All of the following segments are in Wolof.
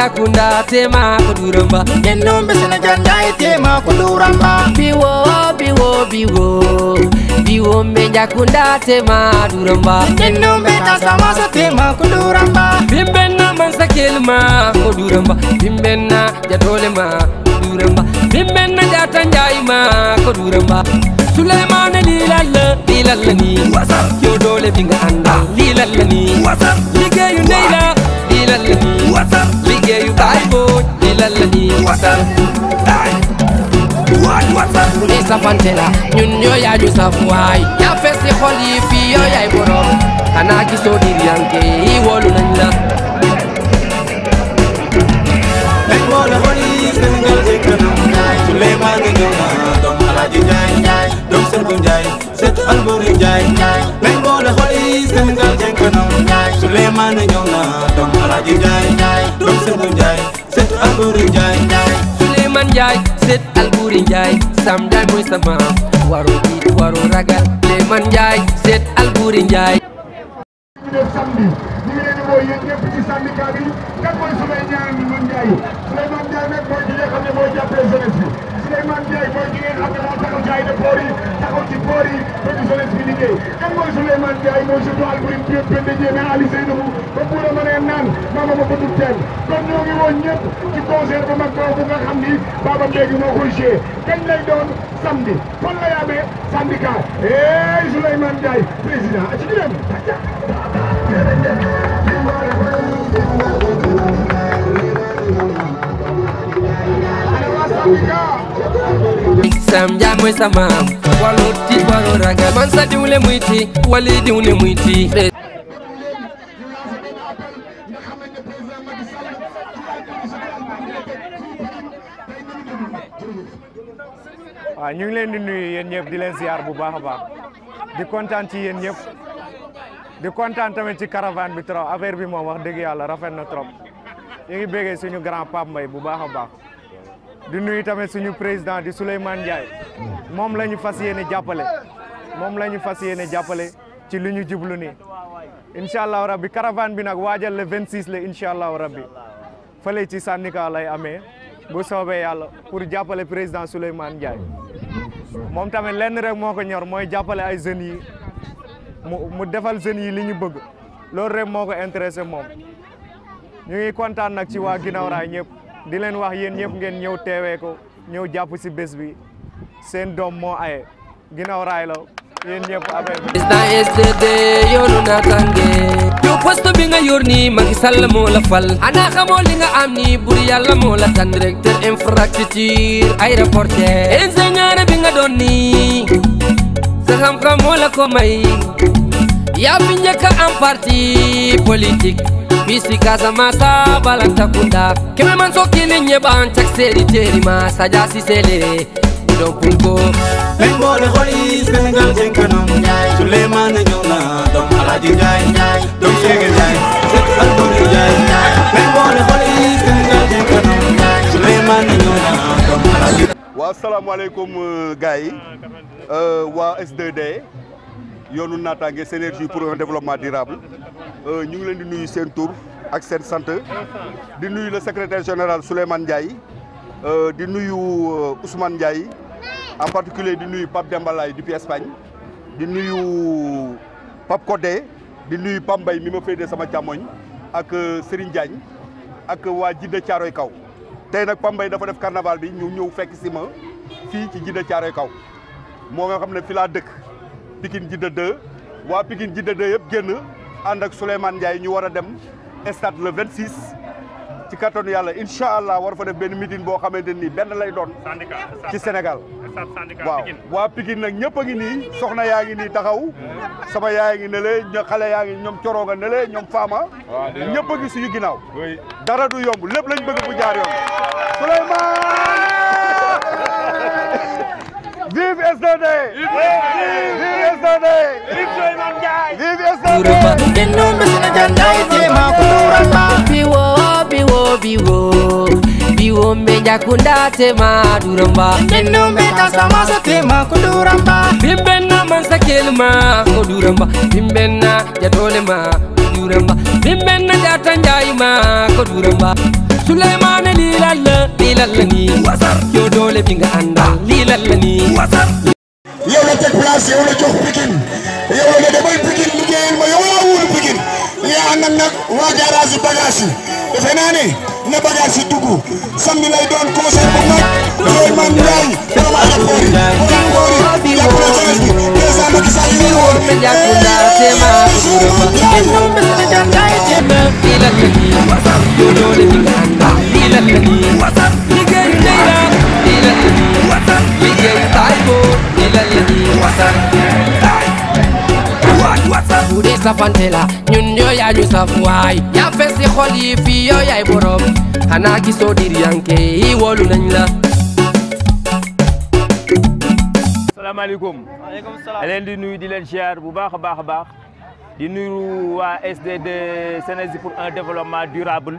yakunda tema kuduramba yenno mbesene jandai tema kuduramba biwo biwo biwo biwo mbe jakunda tema duramba yenno mbe tasamasa tema kuduramba bimbenna mansa kelma kuduramba bimbenna jatolema kuduramba bimbenna jatanjaima kuduramba Sulaiman lilalla lilalla ni yo dole binga anda lilalla ni ligeyu neila lilalla ni ye yu tai bo dilala ni what's up wan Pantela ni safantela nyun yo ya ju safwai ya fesi kholi fi yo ya iboro kana ki so diryanke i wolu nalla Hey, what a honey, it's been a girl's egg, and I'm nice. Too late, man, get your man, don't allow you die. Serigne Ndiaye set Alboury Ndiaye nañ boole xol yi Sénégal jëm kanam Souleymane ñëw na doom Alaaji Ndiaye doom Serigne Ndiaye set Alboury Ndiaye Souleymane Ndiaye set Alboury Ndiaye sam Ndiaye mooy sama waru tiit waru ragal Souleymane Ndiaye set Alboury Ndiaye mooy yéen ñëpp ci syndicat bi kan mooy sumay ñaar ñu mën Ndiaye Souleymane Ndiaye nag mooy ki nga xam ne mooy jàppale jeunesse bi Souleymane Ndiaye mooy ki ngeen xam ci ay de ci poor yi ba ñu jeunesse bi liggéey kan mooy Souleymane Ndiaye mooy surtout Alboury Diop Penda Diémé Ali Seydou a mënee naan ma bëgg teel kon ñoo ngi woon ñëpp ci concert bu mag boobu xam ni Baba Mbengue moo koy joué kañ lay doon samedi kon lay amee syndicat hey Souleymane Ndiaye président a ci sam yaa mooy sa maam walu ti waru raga man sa diwle muy ti wali diwle muy ti waaw ñu ngi leen di nuyu yéen ñëpp di leen ziar bu baax a baax di kontaan ci yéen ñëpp di kontaan tamit ci caravan bi trop affaire bi moo wax dëgg yàlla rafet na trop ñu ngi béggee suñu grand Pape Mbaye bu baax a baax di nuyu tamit suñu président di Souleymane Ndiaye moom la ñu fas yéene jàppale moom la ñu fas yéene jàppale ci li ñu jublu nii incha allahu rabbi caravane bi nag waajal le 26 la incha allahu rabbi le ci syndicat lay amee bu soobee yàlla pour jàppale président Souleymane Ndiaye moom tamit lenn rek moo ko ñor mooy jàppale ay jeunes yi mu mu defal jeunes yi li ñu bëgg loolu rek moo ko intéressé moom ñu ngi kontaan nag ci waa ginnaaw raay ñëpp. di len wax yeen ñëpp ngeen ñew téwé ko ñew japp ci bës bi seen dom mo ayé ginaaw raay la yeen ñëpp affaire bi. président SDD yoonu naataange. yow poste bi nga yor ma ngi Sall moo la fal. ana xamo li nga am ni bur yalla mo la tan directeur infrastructure ay aéroportière. ingénieur bi nga don ni sa xam-xam mo la ko may. ya fi ñeka am parti politique bisi kaza masa balanta takunda, kime manso kini nye ban seri masa jasi saja si sele budon pungo ben bole kholi senegal jen kanam nyaay suleiman ñew na dom alaji nyaay dom sege nyaay Assalamualaikum bole uh, uh, wa euh wa s2d yoonu natangue synergie pour un développement durable Euh, ñu ngi leen di nuyu seen tur ak seen sant di nuyu le secretaire général Souleymane Ndiaye euh, di nuyu euh, Ousmane Ndiaye en particulier di nuyu Pape Dembalaye depuis Espagne di nuyu Pape Codé di nuyu Pape Mbaye mi ma féetee sama càmmoñ ak Serigne Diagne ak waa Jidda Caaroy Kaw tey nag Pape Mbaye dafa def carnaval bi ñu ñëw fekk si ma fii ci Jidda Caaroy Kaw moo nga xam ne fi dëkk Pikine Jidda 2 waa Pikine Jidda yëpp génn ànd ak Souleymane Ndiaye ñu war a dem stade le 26 ci kattanu yàlla incha allah war fa def benn meeting boo xamante ni benn lay doon. ci Sénégal. waaw waa Pikine nag ñëpp a ngi nii soxna yaa ngi nii taxaw. sama yaa ngi ne xale yaa ngi ñoom coroo nga ne lee ñoom faama. ñëpp a ngi suñu ginnaaw. dara du yomb lépp lañ bëgg bu jaar yoon. Souleymane. Vive SDD! Vive SDD! Vive Sulaiman Ndiaye! Vive SDD! Innum bisinajanda itima kuturanga Biwo biwo biwo Biwo mbeja kunda tema duramba Innum bita sama tema kuduramba Bimbenna mansa kelma kuduramba Bimbenna jadolema kuduramba Bimbenna jatanjayima kuduramba Sulaiman lilalla lilalla ni Wasar! ilayhi wasallam bu dee safante la ñun ñoo yaa waay yaa fees si xol yi fii yow yaay borom xanaa gisoo yi wóolu nañ la salaamaaleykum leen di nuyu di leen ziar bu baax a baax a baax di nuyu waa pour un développement durable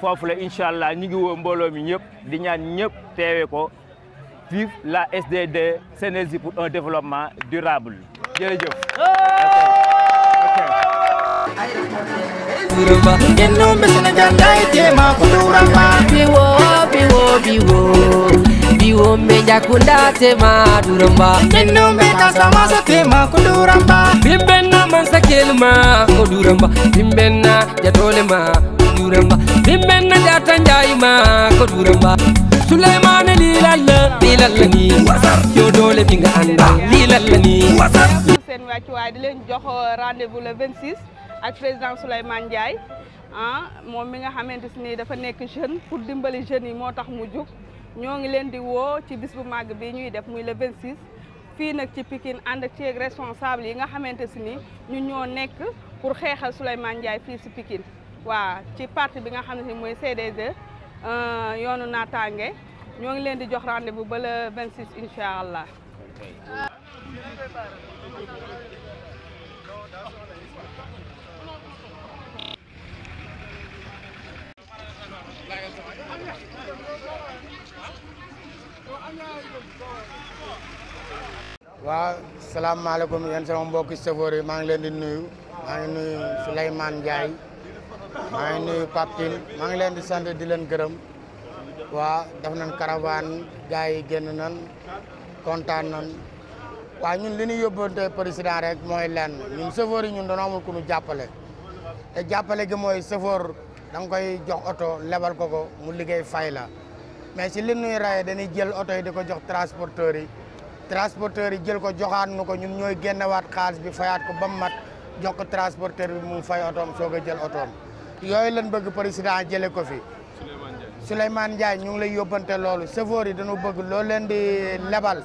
fofu la inshallah allah ñu ngi wo mbolo mi ñep di ñaan ñep téwé ko vive la SDD Synergie pour un développement durable jërëjëf. biwombe jakunda tema duramba sa tema kuduramba mansa kuduramba jatolema duramba nimmen na jata njayima ko duramba sulaymane li lalla li lalla ni yo dole bi nga anda li lalla ni sen wati way di len joxo rendez-vous le 26 ak president Souleymane Ndiaye ah mom mi nga xamanteni dafa nek jeune pour dimbali jeune yi motax mu juk ñoo ngi di wo ci bis bu mag bi ñuy def muy le 26 fi nak ci Pikine and ak ci responsable yi nga xamanteni si ñu ñoo nek pour xéxal Souleymane Ndiaye fi ci Pikine waa ci parti bi nga xam ne mooy CDD euh, yoonu naataange ñoo ngi leen di jox rendez-vous ba le 26 incha allah. waaw salaamaaleykum yéen sama mbokki chauffeur yi maa ngi leen di nuyu maa ngi nuyu Souleymane Ndiaye. maa ngi nuyu Pape maa ngi leen di sant di leen gërëm waa def nañ caravane gars yi génn nañ kontaan nañ waaw ñun li ñu yóbbante président rek mooy lenn ñun chauffeur yi ñun dañoo amul ku ñu jàppale te jàppale gi mooy chauffeur da nga koy jox oto lebal ko ko mu liggéey fay mais si li ñuy rayee dañuy jël oto yi di ko jox transporteurs yi transporteurs yi jël ko joxaat nu ko ñun ñooy génnewaat xaalis bi fayaat ko ba mu mat jox ko transporteur bi mu fay otoom soog a jël otoom yooyu lañ bëgg président jële ko fi Souleymane Ndiaye ñu ngi lay yóbbante loolu chauffeur yi dañu bëgg loolu leen di lebal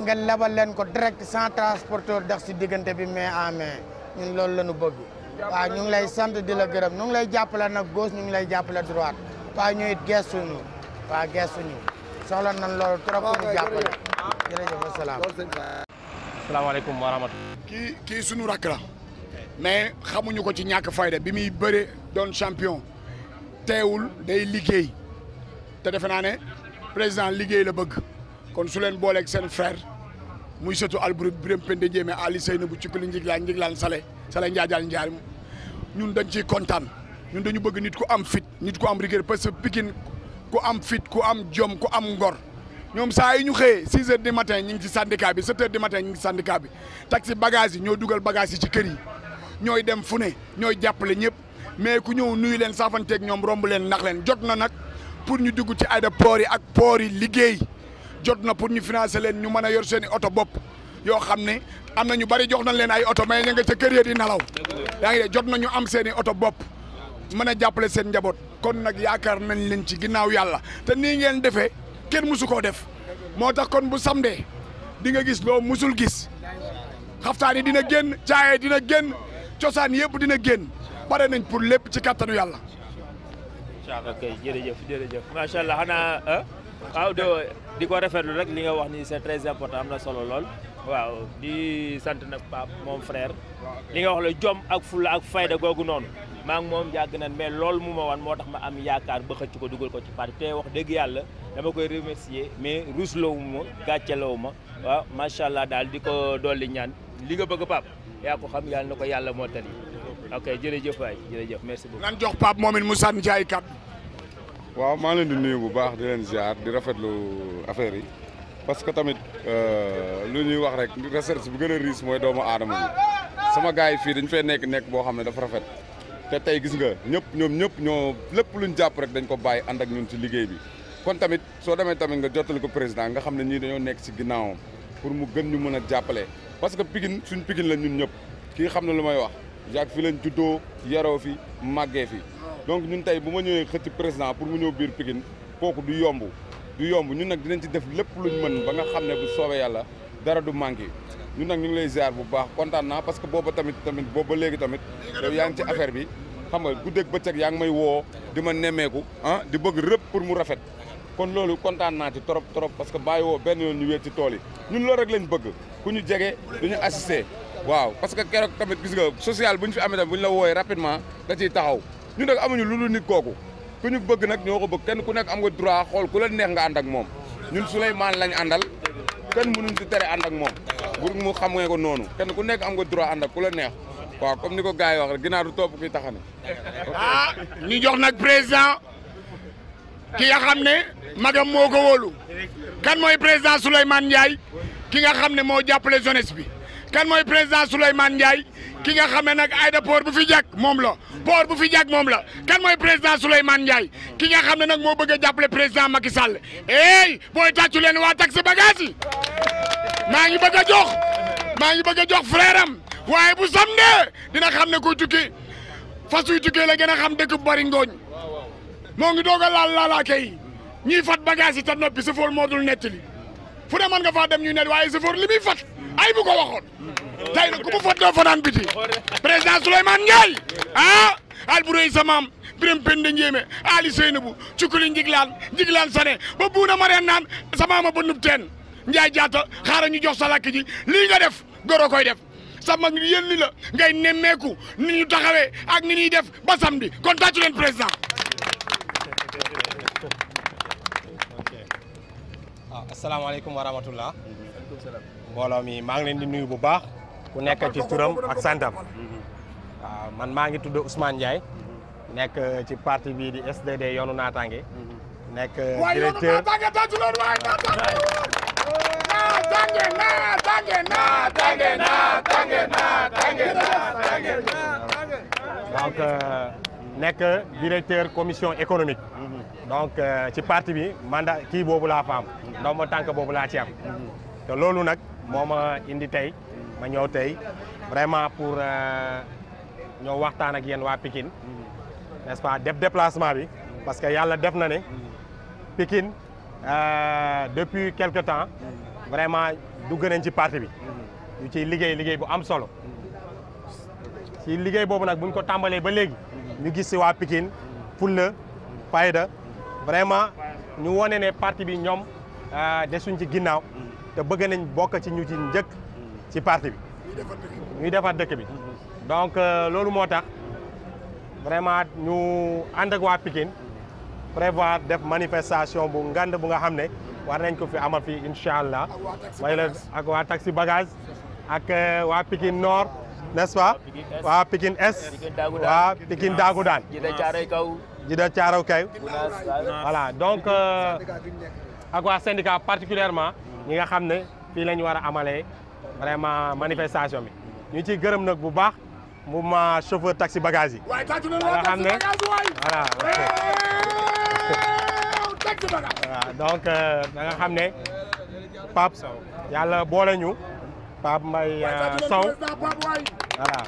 nga lebal leen ko direct sans transporteur dex si diggante bi main en main ñun loolu lañu bëgg waaw ñu ngi lay sant di la gërëm ñu ngi lay jàppale nag gauche ñu ngi lay jàppale droite waaw ñu it gestuñu waaw gestuñu soxla nañ loolu trop ñu jàppale jërëjëf asalaam asalaamaaleykum wa rahmatulah kii kii sunu rakk mais xamuñu ko ci ñàkk fayda bi muy bëre doon champion teewul day liggéey te defe naa ne président liggéey la bëgg kon su leen booleeg seen frère muy sëtu Alboury Birame Pende Ndiémé Ali Seynabou Cukkuli Njiglaan Njiglaan Sale Sale Njaajaal Njaar ñun dañ ciy kontaan ñun dañu bëgg nit ku am fit nit ku am rigueur parce que Pikine ku am fit ku am jom ku am ngor ñoom saa yi ñu xëyee 6 heures du matin ñu ngi ci syndicat bi 7 heures du matin ngi ci syndicat bi taxi yi ñoo dugal bagage yi ci kër yi ñooy dem fu ne ñooy jàppale ñëpp mais ku ñëw nuyu leen saafanteeg ñoom romb leen nax leen jot na nag pour ñu dugg ci aéroport yi ak port yi liggéey jot na pour ñu financer leen ñu mën a yor seeni i oto bopp yoo xam ne am na ñu bari jox nañ leen ay oto mais ña nga ca kër yi di nalaw yaa ngi de jot ñu am seeni oto bopp mën a jàppale seen njaboot kon nag yaakaar nañ leen ci ginnaaw yàlla te nii ngeen defee kenn musu koo def moo tax kon bu samdee di nga gis loo musul gis dina génn ciosan yeb dina genn pare nañ pour lepp ci kattanu yàlla. incha allah ok jërëjëf jërëjëf macha allah xanaa ah? waaw do diko rafetlu rek li nga wax ni c'est très important amna solo lol waaw di sante nak pap mom frère li nga wax la jom ak ful ak fayda gogou non maa ngi moom yàgg nañ mais lol mu ma wan motax ma am yakar ba xecc ko duggal ko ci parti te wax deug yalla dama koy remercier mais ruusloowu ma gàccelawu ma waaw macha allah daal di ko ñaan li nga bëgg pap yaa ko xam yàlla na ko yàlla moo tali ok jërëjëf waay jërëjëf merci beaucoup. lan jox Pape Momine Moussa Ndiaye kat. waaw maa leen di nuyu bu baax di leen ziar di rafet lu affaire yi parce que tamit euh, lu ñuy wax rek recherche bu gën a riche mooy doomu aadama bi sama gars yi fii dañu fee nekk nekk boo xam ne dafa rafet te tey gis nga ñëpp ñoom ñëpp ñoo lépp lu ñu jàpp rek dañ ko bàyyi ànd ak ñun ci liggéey bi kon tamit soo demee tamit nga jottali ko président nga xam ne ñii dañoo nekk si ginnaawam. pour mu gën ñu mën a jàppale parce que Pikine suñ Pikine la ñun ñëpp kii xam na lu may wax Jacques fi leen juddoo yaroo fi màggee fi donc ñun tey bu ma ñëwee xëcc président pour mu ñëw biir Pikine kooku du yomb du yomb ñun nag dinañ ci def lépp luñ mën ba nga xam ne bu soobee yàlla dara du manqué ñun nag ñu ngi lay ziar bu baax kontaan na parce que booba tamit tamit booba léegi tamit yow yaa ngi ci affaire bi xam nga guddeeg bëccëg yaa ngi may woo di ma nemmeeku ah di bëgg rëpp pour mu rafet kon lolu kontaan na ci trop trop parce que bayiwo ben yon ñu wé ci tool yi ñun lool rek lañ bëgg ku ñu jege du ñu assister waaw parce que kérok tamit gis nga social buñ fi amé tamit buñ la woyé rapidement da ci taxaw ñun nak amuñu lulu nit koku ku ñu bëgg nak ñoko bëgg kenn ku nekk am nga droit xol ku la neex nga and ak mom ñun Souleymane lañ andal kenn mënuñ ci téré and ak mom bur mu xam nga ko nonu kenn ku nekk am nga droit and ak ku la neex waaw comme niko gaay wax rek ginnaaw du topp kuy taxane ah, ñu jox nak président ki nga xam ne magam moo ko wóolu kan mooy président Souleymane Ndiaye ki nga xam ne moo jàppale jeunesse bi kan mooy président Souleymane Ndiaye ki nga xam ne nag ayda port bu fi jàkk moom la port bu fi jàkk moom la kan mooy président Souleymane Ndiaye ki nga xam ne nag moo bëgg a jàppale président Macky Sall ey booy tàccu leen waa taxe bagage yi maa ngi bëgg a jox maa ngi bëgg a jox frère am waaye bu samdee dina xam ne kuy tukki fasuy tukki la gën a xam dëkk bu bari ngooñ moo ngi doog a laal laalaake yi ñiy fat bagage yi ta noppi moo dul nettali fu ne mën nga faa dem ñuy net waaye sëfoor li muy fat ay bu ko waxoon tey nag ku mu fat doo fanaan biti président Souleymane Ndiaye ah Alboury samaam Birame Penda Ndiémé Ali Seynabou Cukkuli Njiglaan Njiglaan Sané ba buuna mareen naan samaama ba nub teen jaata xaaral ñu jox sa lakk ji lii nga def goro koy def sa mag yéen li la ngay nemmeeku ni ñu taxawee ak ni ñuy def ba samedi kon tàccu leen président waaw ah, asalaamaaleykum wa rahmatullah mbooloo mi maa ngi leen di nuyu bu baax ku nekk ci turam ak santam waaw ah, man maa ngi tudd Ousmane Ndiaye nekk ci parti bii di SDD yoonu naataange nekk nekk directeur commission économique donc euh, ci parti bi manda kii boobu laa fa am ndaw ma tànk boobu laa ci am loolu nag moo ma indi tey ma ñëw tey vraiment pour euh, ñëw waxtaan ak yéen waa Pikine n'est-ce pas déplacement bi parce que yàlla def na ne Pikine euh, depuis quelque temps vraiment dugg nañ ci parti bi ñu ciy liggéey liggéey bu am solo ci liggéey boobu nag buñ ko tàmbalee ba léegi ñu gis si waa Pikine fulla fayda vraiment ñu woné né parti bi euh dessuñ ci ginnaw té bëgg nañ bok ci ñu ci ñëk ci parti bi ñu défa dëkk bi donc euh, lolu motax vraiment ñu and ak wa Pikine prévoir def manifestation bu ngand bu nga xamné war nañ ko fi amal fi inshallah. allah may la ak wa taxi bagage ak euh, wa Pikine Nord n'est-ce pas wa Pikine Est wa Pikine leader Thiaroye Kaw voilà donc euh, ak waa syndicat ñi nga xam ne fii lañu war a amalee vraiment manifestation bi ñu ciy gërëm nag bu baax mouvement chauffeur taxi bagage yi nga xam ne donc euh, da nga xam ne Pape yàlla boole ñu Pape Mbaye euh, Sow voilà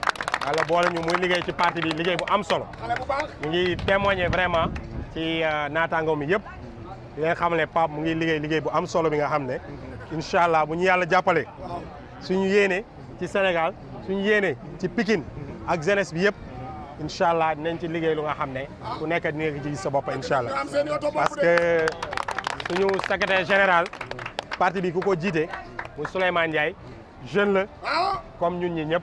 wala boole ñu muy liggéey ci parti bi liggéey bu am solo ñu ngi témoigner vraiment ci euh, naataango mi yëpp di xam ne Pape mu ngi liggéey liggéey bu am solo bi nga xam ne incha allah bu ñu yàlla jàppale suñu yéene ci Sénégal suñu yéene ci Pikine ak jeunesse bi yëpp incha allah dinañ ci liggéey lu nga xam ne ku nekk dina ci gis sa bopp incha allah parce que suñu secrétaire général parti bi ku ko jiite muy Souleymane Ndiaye jeune la ah. comme ñun ñi ñëpp.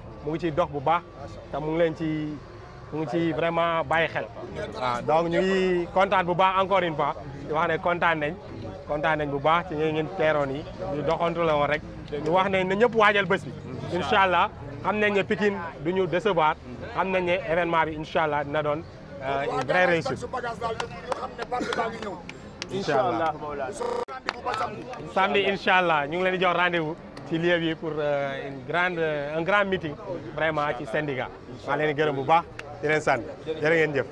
mu ngi ci dox bu baax te mu ngi leen ci mu ngi ci vraiment bàyyi xel waaw donc ñu ngi kontaan bu baax encore une fois di wax ne kontaan nañ kontaan nañ bu baax ci ngeen teeroon yi ñu doxantu la rek ñu wax ne na ñëpp waajal bés bi incha allah xam ne ne Pikine du ñu décevoir xam nañ ne événement bi incha allah dina doon euh, une vraie réussite incha allah samedi ñu ngi leen di jox rendez ci lieu bi pour euh, une grande euh, un grand meeting vraiment ci syndicat maa leen gërëm bu baax di leen sant jërë ngeen jëf